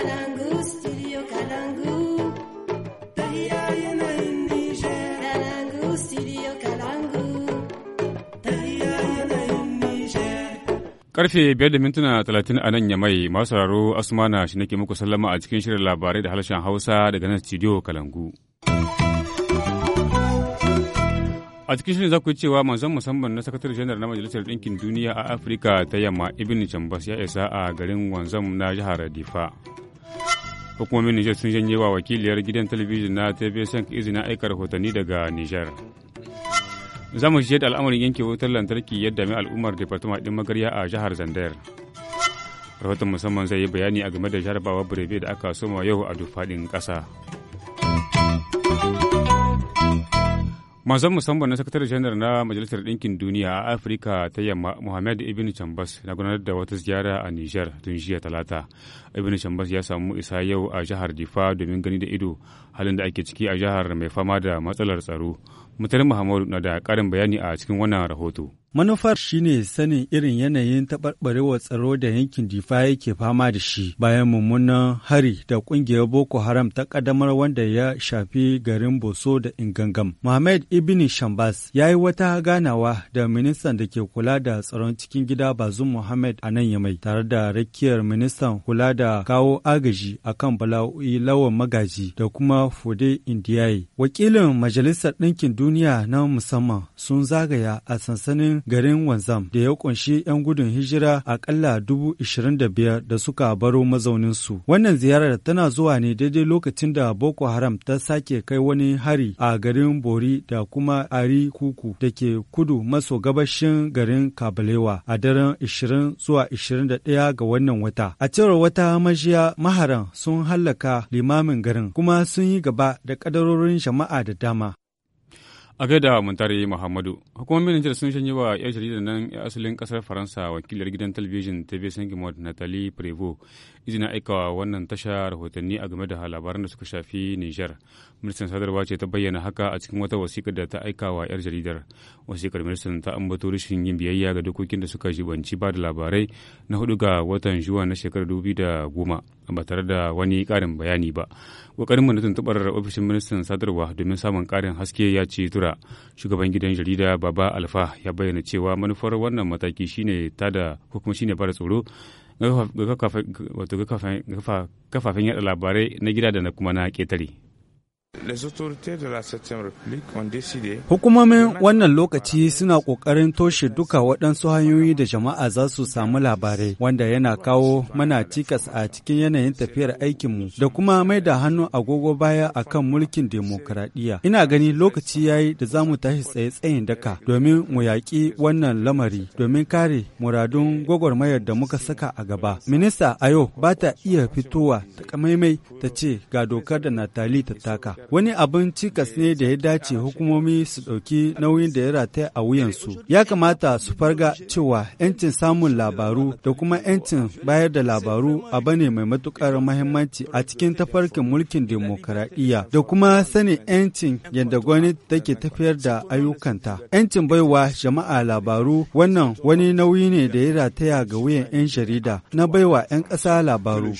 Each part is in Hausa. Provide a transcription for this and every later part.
Kalangu, studio Kalangu. Tahira Karfe biyar da mintuna talatin a nan yamai masu sauraro Asmana shi nake muku sallama a cikin shirin labarai da harshen Hausa daga nan studio Kalangu. a cikin shirin za yi cewa manzon musamman na sakatare janar na majalisar ɗinkin duniya a afirka ta yamma ibn chambas ya isa a garin wanzam na jihar difa hukumomin nijar sun janye wa wakiliyar gidan talabijin na tvsn izinin aika rahotanni daga nijar za mu da al'amarin yanke wutar lantarki yadda mai al'ummar departama ɗin magarya a jihar zandar rahoton musamman zai yi bayani a game da jarabawa birebe da aka soma yau a duk faɗin ƙasa. Manzon musamman na sakatare janar na Majalisar Ɗinkin Duniya a Afirka ta yamma Mohamed Ibn Chambas na gudanar da wata ziyara a Nijar tun jiya talata. Ibn Chambas ya samu isa yau a jihar Difa domin gani da ido halin da ake ciki a jihar mai fama da matsalar tsaro. Mutane Muhammadu na da ƙarin bayani a cikin wannan rahoto. Manufar shine sanin irin yanayin taɓarɓarewar tsaro da yankin Difa yake fama da shi bayan mummunan hari da ƙungiyar Boko Haram ta ƙaddamar wanda ya shafi garin Boso da Ingangam. Mohamed Ibn Shambas ya yi wata ganawa da ministan da ke kula da tsaron cikin gida Bazum Mohamed a nan Yamai tare da rakiyar ministan kula da kawo agaji a akan bala'o'i lawan magaji da kuma Fode Indiyaye. Wakilin Majalisar Ɗinkin Duniya na musamman sun zagaya a sansanin garin Wanzam da ya kunshi 'yan gudun hijira akalla dubu ishirin da biyar da suka baro mazauninsu. Wannan ziyarar tana zuwa ne daidai lokacin da Boko Haram ta sake kai wani hari a garin Bori da kuma Ari Kuku da ke kudu maso gabashin garin Kabalewa a daren 20 zuwa 21 ga wannan wata. A cewar wata majiya maharan sun hallaka limamin garin kuma sun yi gaba da kadarorin jama'a da dama. a gaida muntari muhammadu hukumomin nijar sun shanye wa yar jaridar nan ya asalin kasar faransa wakilar gidan talabijin ta besan gimot natali prevo izina aikawa wannan tasha rahotanni a game da labaran da suka shafi nijar ministan sadarwa ce ta bayyana haka a cikin wata wasikar da ta aika wa yar jaridar wasikar ministan ta ambato rashin yin biyayya ga dokokin da suka jibanci ba da labarai na hudu ga watan juwa na shekarar dubu da goma ba tare da wani karin bayani ba kokarin mu na tuntubar ofishin ministan sadarwa domin samun karin haske ya ce tura Abuja. Shugaban gidan jarida Baba Alfa ya bayyana cewa manufar wannan mataki shine tada ko kuma shine bada tsoro ga kafafen yada labarai na gida da na kuma na ketare. Hukumomin wannan lokaci suna ƙoƙarin toshe duka waɗansu hanyoyi da jama'a za su samu labarai wanda yana kawo mana cikas a cikin yanayin tafiyar aikinmu da kuma mai da hannu agogo baya a kan mulkin demokuraɗiyya. Ina gani lokaci ya yi da za mu tashi tsaye tsayin daka domin mu yaƙi wannan lamari domin kare muradun gwagwarmayar da muka saka a gaba. Minista Ayo ba ta iya fitowa ta ta ce ga dokar da Natali ta taka. wani abin cikas ne da ya dace hukumomi su ɗauki nauyin da ya rataya a wuyansu. Ya kamata su farga cewa 'yancin samun labaru da kuma 'yancin bayar da labaru a ne mai matuƙar mahimmanci a cikin tafarkin mulkin demokaradiyya da kuma sanin 'yancin yadda gwamnati take tafiyar da ayyukanta. 'Yancin baiwa jama'a labaru wannan wani nauyi ne da ya rataya ga wuyan 'yan jarida na baiwa 'yan ƙasa labaru.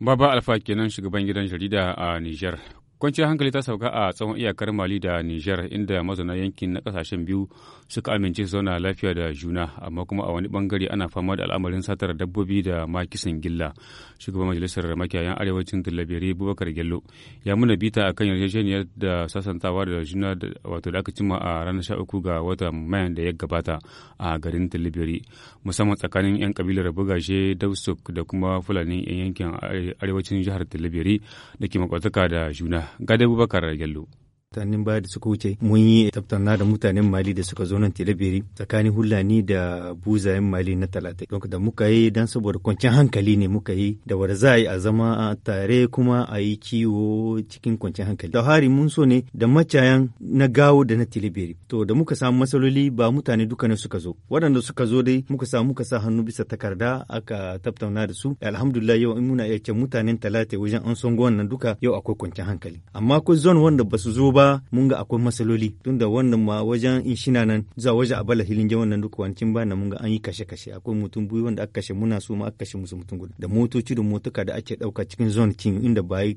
Baba Alfa kenan shugaban gidan jarida a Nijar. kwanciyar hankali ta sauka a tsawon iyakar mali da niger inda mazauna yankin na kasashen biyu suka amince su zauna lafiya da juna amma kuma a wani bangare ana fama da al'amarin satar dabbobi da makisan gilla shugaban majalisar makiyayan arewacin tulabere bubakar gello ya muna bita kan yarjejeniyar da sasantawa da juna wato da aka cimma a ranar sha uku ga watan mayan da ya gabata a garin tilibiri musamman tsakanin yan kabilar bugashe dausuk da kuma fulani yan yankin arewacin jihar tilibiri da ke makwataka da juna ga Abubakar Gello. tannin baya da suka wuce mun yi tattauna da mutanen mali da suka zo nan tilabiri tsakanin hulani da buzayen mali na talata don da muka yi dan saboda kwanciyar hankali ne muka yi da wanda za a yi a tare kuma a yi kiwo cikin kwanciyar hankali da hari mun so ne da macayan na gawo da na tilabiri to da muka samu matsaloli ba mutane duka ne suka zo waɗanda suka zo dai muka samu muka sa hannu bisa takarda aka tattauna da su alhamdulillah yau in muna iya ce mutanen talata wajen an songo wannan duka yau akwai kwanciyar hankali amma ko zon wanda ba su zo ba ba mun ga akwai matsaloli tunda wannan ma wajen in shina nan za waje a bala hilin jawan nan duka wancin ba na mun ga an yi kashe kashe akwai mutum biyu wanda aka kashe muna so ma aka kashe musu mutum guda da motoci da motuka da ake dauka cikin zone king inda ba yi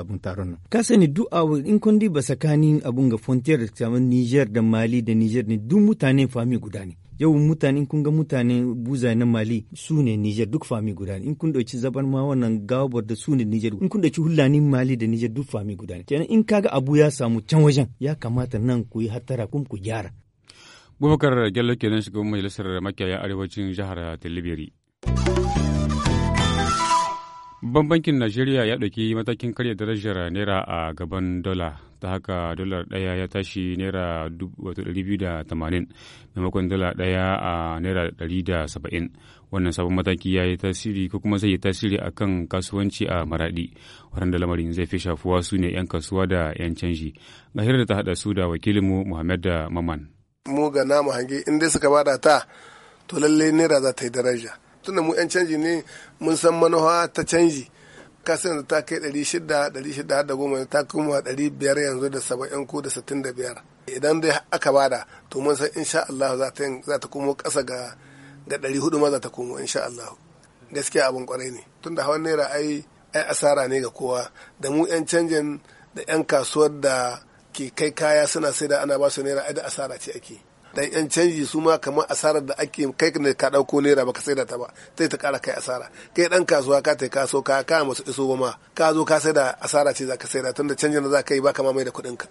abun taron nan ka sani duk a in kun diba tsakanin abun ga frontier da Niger da Mali da Niger ne duk mutane fami guda ne yau mutane kun ga mutane buza na mali su ne niger duk fami guda ne in kun dauki zabar ma wannan gabar da su ne niger in kun dauki hulani mali da niger duk fami guda ne kenan in kaga abu ya samu can wajen ya kamata nan ku yi hattara kun ku gyara bubakar gyallo kenan shugaban majalisar makiyaya arewacin jihar talibiri Babban bankin Najeriya ya ɗauki matakin karya darajar naira a gaban dola ta haka dolar ɗaya ya tashi naira 280 maimakon dala ɗaya a naira 170 wannan sabon mataki ya yi tasiri ko kuma zai yi tasiri a kan kasuwanci a maraɗi waɗanda lamarin zai fi shafuwa su ne 'yan kasuwa da 'yan canji ga da ta haɗa su da wakilinmu Muhammad da Maman. Mu ga namu hange in dai suka bada ta to lallai naira za ta yi daraja. tunda mu 'yan canji ne mun san manufa ta canji kasan ta kai 600 610 ta kuma 500 yanzu da 70 ko da 65 idan dai aka bada to mun san insha Allah za ta komo kasa ga da 400 ma za ta komo insha Allah gaskiya abin kwarai ne tunda hawan naira ai ai asara ne ga kowa da mu 'yan canjin da 'yan kasuwar da ke kai kaya suna sai da ana ba su naira ai da asara ce ake dan yan canji su ma kamar asarar da ake kai ne ka dauko naira baka da ta ba sai ta kara kai asara kai dan kasuwa ka ta kaso ka ka masu iso ma ka zo ka da asara ce zaka saida tunda canjin da zaka yi ba ma mai da kuɗin ka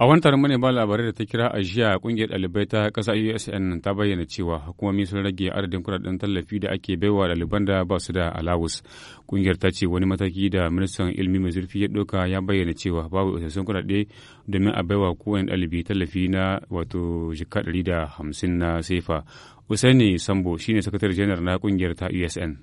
A wani taron ba labarai da ta kira a jiya kungiyar ɗalibai ta kasa USN ta bayyana cewa hukumomi sun rage adadin kuɗaɗen tallafi da ake baiwa ɗaliban da ba su da alawus. Kungiyar ta ce wani mataki da ministan ilimi mai zurfi ya ɗauka ya bayyana cewa babu isassun kuɗaɗe domin a baiwa kowane ɗalibi tallafi na wato jika ɗari da hamsin na sefa. Usaini Sambo shine sakatare janar na kungiyar ta USN.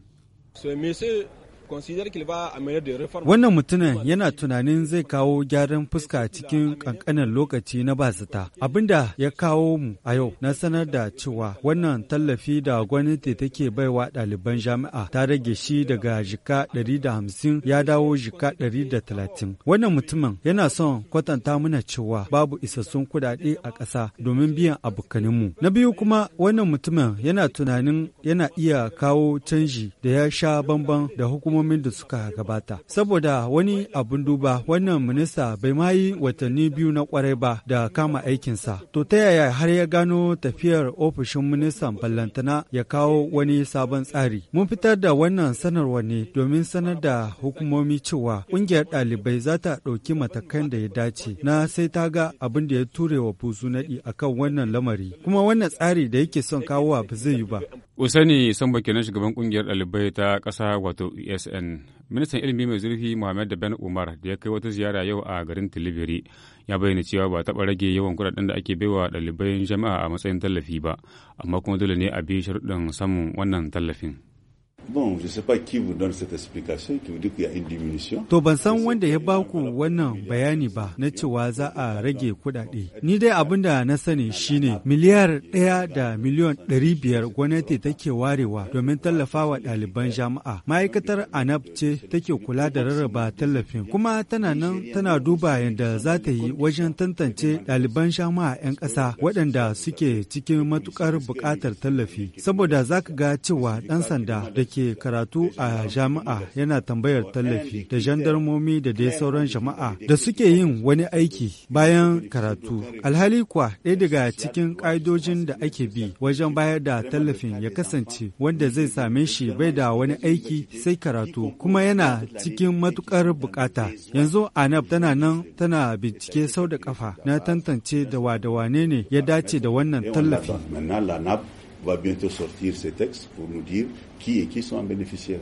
Wannan mutumin yana tunanin zai kawo gyaran fuska cikin kankanin lokaci na bazata. Abinda ya kawo mu a yau na sanar da cewa wannan tallafi da gwamnati take baiwa ɗaliban jami'a ta rage shi daga jika 150 ya dawo jika 130. Wannan mutumin yana son kwatanta mana cewa babu isassun kuɗaɗe a ƙasa domin biyan abokaninmu. Na biyu kuma wannan mutumin yana tunanin yana iya kawo canji da ya sha bamban da hukumar al'ummomin da suka gabata. Saboda wani abun duba wannan minista bai ma yi watanni biyu na kwarai ba da kama aikinsa. To ta yaya har ya gano tafiyar ofishin ministan ballantana ya kawo wani sabon tsari. Mun fitar da wannan sanarwa ne domin sanar da hukumomi cewa ƙungiyar ɗalibai za ta ɗauki matakan da ya dace na sai ta ga abin da ya ture wa buzu naɗi akan wannan lamari. Kuma wannan tsari da yake son kawowa ba zai yi ba. Usaini Samba kenan shugaban kungiyar ɗalibai ta ƙasa wato USN. E Ministan ilimi mai zurfi Muhammad Ben Umar da ya kai wata ziyara yau a garin Tilibiri ya bayyana cewa ba taɓa rage yawan kuɗaɗen da ake baiwa ɗalibai jami'a a matsayin tallafi ba, amma kuma dole ne a bi sharuɗin samun wannan tallafin. Bon, je sais pas To ban san wanda ya ba ku wannan bayani ba na cewa za a rage kudade Ni dai abin da na sani shine miliyar ɗaya da miliyon ɗari biyar gwamnati take warewa domin tallafawa ɗaliban jama'a Ma'aikatar ANAP ce take kula da rarraba tallafin kuma tana nan tana duba yadda za ta yi wajen tantance ɗaliban jama'a 'yan ƙasa waɗanda suke cikin matukar buƙatar tallafi. Saboda za ga cewa ɗan sanda da ke karatu a jami'a yana tambayar tallafi da jandarmomi da dai sauran jama'a da suke yin wani aiki bayan karatu. Alhali kuwa ɗaya daga cikin ƙa'idojin da ake bi wajen bayar da tallafin ya kasance wanda zai same shi bai da wani aiki sai karatu kuma yana cikin matuƙar bukata. Yanzu Anab tana nan tana bincike sau da kafa na tantance da wa da wane ne ya dace da wannan tallafi. va bientôt sortir ces textes pour nous dire qui et qui sont en bénéficiaire.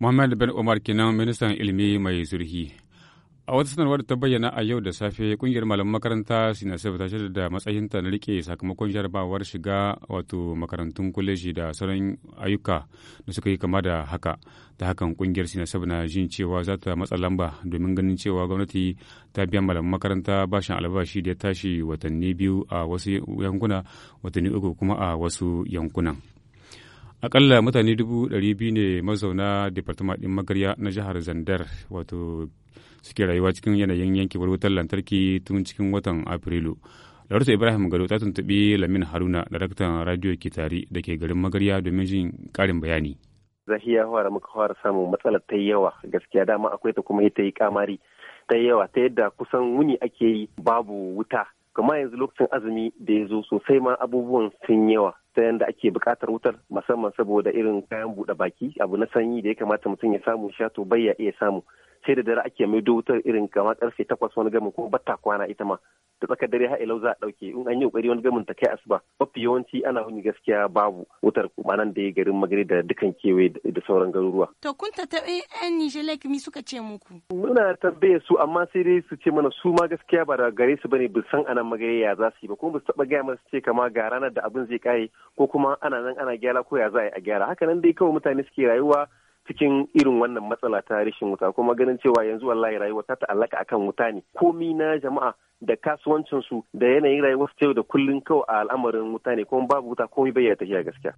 Mohamed Ben Omar Kenan, ministan ilimi mai zurhi. A wata sanarwar ta bayyana a yau da safe kungiyar malaman makaranta Sinasef ta shirya da matsayinta na rike sakamakon jarabawar shiga wato makarantun kwaleji da sauran ayyuka da suka yi kama da haka. Ta hakan kungiyar Sinasef na jin cewa za ta matsa lamba domin ganin cewa gwamnati ta biya malaman makaranta bashin albashi da ya tashi watanni biyu a wasu yankuna watanni uku kuma a wasu yankunan. akalla mutane dubu ɗari biyu ne mazauna departama ɗin magarya na jihar zandar wato suke rayuwa cikin yanayin yankewar wutar lantarki tun cikin watan afrilu Larisa Ibrahim Gado ta tuntuɓi Lamin Haruna, daraktan radiyo Kitari da ke garin Magarya domin jin ƙarin bayani. Zahiya fara muka fara samun matsalar ta yawa gaskiya dama akwai ta kuma ita yi kamari ta yawa ta yadda kusan wuni ake yi babu wuta kuma yanzu lokacin azumi da ya zo sosai ma abubuwan sun yawa ta yadda ake bukatar wutar musamman saboda irin kayan buɗe baki abu na sanyi da ya kamata mutum ya samu shato to bai ya iya samu sai da dare ake maido wutar irin kama karfe takwas wani gamin ko batta kwana ita ma da tsakar dare har ilau za a dauke in an yi kokari wani gamin ta kai asuba mafi yawanci ana wuni gaskiya babu wutar kuma da ya garin magari da dukkan kewaye da sauran garuruwa. to kun ta taɓa yan nijelek mi suka ce muku. muna tambaye su amma sai dai su ce mana su ma gaskiya ba da gare su bane san anan magari ya za su yi ba kuma ba su taɓa gaya masu ce kama ga ranar da abin zai kare ko kuma ana nan ana gyara ko ya za a yi a gyara haka nan dai kawai mutane suke rayuwa cikin irin wannan matsala ta rashin wuta kuma ganin cewa yanzu wallahi rayuwa ta ta'allaka akan wuta ne komi na jama'a da kasuwancin su da yanayin rayuwar su da kullun kawai a al'amarin wuta ne kuma babu wuta komai bai ya tafiya gaskiya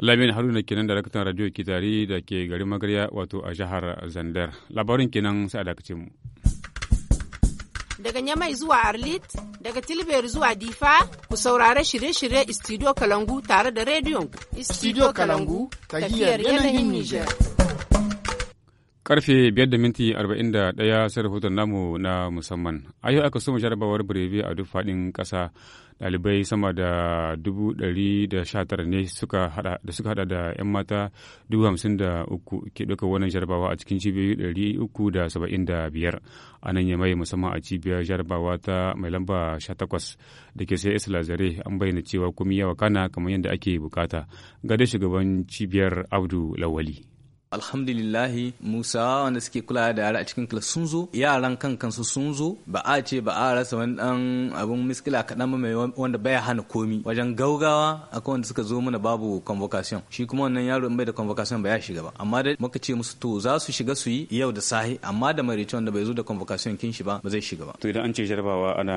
Lamin Haruna kenan rakatan radio Kitari da ke garin Magarya wato a jihar Zandar. Labarin kenan sai a mu. Daga Nyamai zuwa Arlit, daga Tilber zuwa Difa, ku saurare shirye-shirye Istidio Kalangu tare da rediyon Istidio Kalangu, tafiyar yanayin Nijar. Karfe biyar da minti arba'in da ɗaya sai rahoton namu na musamman. A yau aka soma jarabawar birebe a duk faɗin ƙasa ɗalibai sama da dubu ɗari da sha ne da suka hada da 'yan mata dubu hamsin da uku ke ɗauka wannan jarabawa a cikin cibiyoyi ɗari uku da saba'in da biyar a nan ya mai musamman a cibiyar jarabawa ta mai lamba sha takwas da ke sai isla zare an bayyana cewa komi yawa kana kamar yadda ake bukata ga dai shugaban cibiyar abdu lawali. alhamdulillahi musa wanda suke kula da yara a cikin kilas sun zo yaran kan kansu sun zo ba a ce ba a rasa wani dan abun miskila kaɗan ba mai wanda baya hana komi wajen gaugawa akwai wanda suka zo mana babu convocation shi kuma wannan yaro in bai da convocation ba ya shiga ba amma da muka ce musu to za su shiga su yi yau da sahi amma da mariton wanda bai zo da convocation kin shi ba ba zai shiga ba to idan an ce jarabawa ana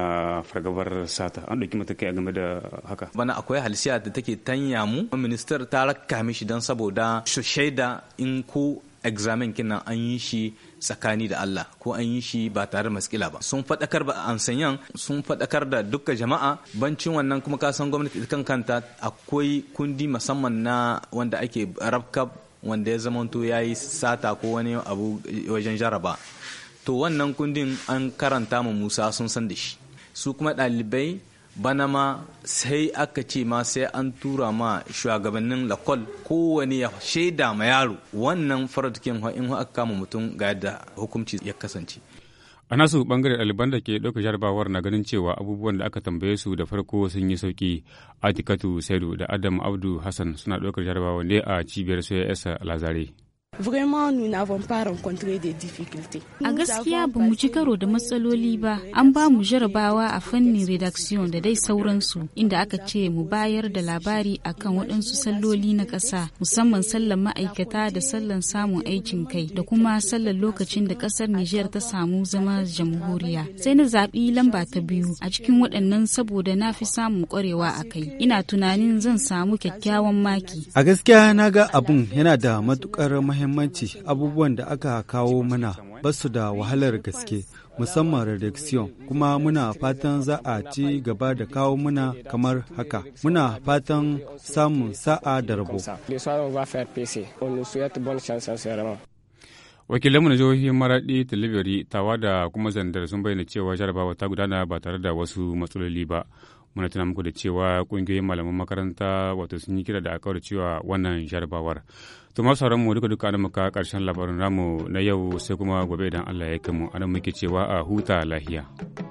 fargabar sata an ɗauki matakai a game da haka bana akwai halsiya da take tanya mu ministar ta rakka mishi dan saboda shaida in ko examen kinan an yi shi tsakani da Allah ko an yi shi ba tare da maskila ba sun faɗakar ba ansanyan sun faɗakar da dukkan jama'a bancin wannan kuma ka san gwamnati kan kanta akwai kundi musamman na wanda ake rabka wanda ya zamanto ya yi sata ko wani abu wajen jaraba to wannan kundin an karanta ma musa sun san da shi su kuma ɗalibai bana ma sai aka ce ma sai an tura ma shugabannin lakol kowane ya shaida ma yaro wannan faratukin in aka kama mutum ga yadda hukunci ya kasance a nasu bangare ɗaliban da ke ɗauka jarabawar na ganin cewa abubuwan da aka tambaye su da farko sun yi sauki atikatu saidu da adam abdu hassan suna ɗaukar jarabawa ne a cibiyar soya esa lazare Vraiment, nous n'avons pas rencontré des difficultés. A gaskiya ba mu ci karo da matsaloli ba, an ba mu jarabawa a fannin redaction da dai sauransu, inda aka ce mu bayar da labari akan waɗansu salloli na ƙasa, musamman sallan ma'aikata da sallan samun aikin kai, da kuma sallan lokacin da ƙasar Nijar ta samu zama jamhuriya. Sai na zaɓi lamba ta biyu a cikin waɗannan saboda na fi samun ƙwarewa a kai. Ina tunanin zan samu kyakkyawan maki. A gaskiya na ga abun yana da matuƙar mahimmanci. muhimmanci abubuwan da aka kawo mana ba su da wahalar gaske musamman redaction kuma muna fatan za a ci gaba da kawo muna kamar haka muna fatan samun sa'a da rabo wakilanmu na jihohin maraɗi talibiri tawa da kuma zandar sun bayyana cewa jarabawa ta gudana ba tare da wasu matsaloli ba muna tuna muku da cewa kungiyoyin malaman makaranta wato sun yi kira da akawar cewa wannan jarabawar to masu sauran mu duka duka muka karshen labarin ramu na yau sai kuma gobe idan Allah ya kai mu anan muke cewa a huta lahiya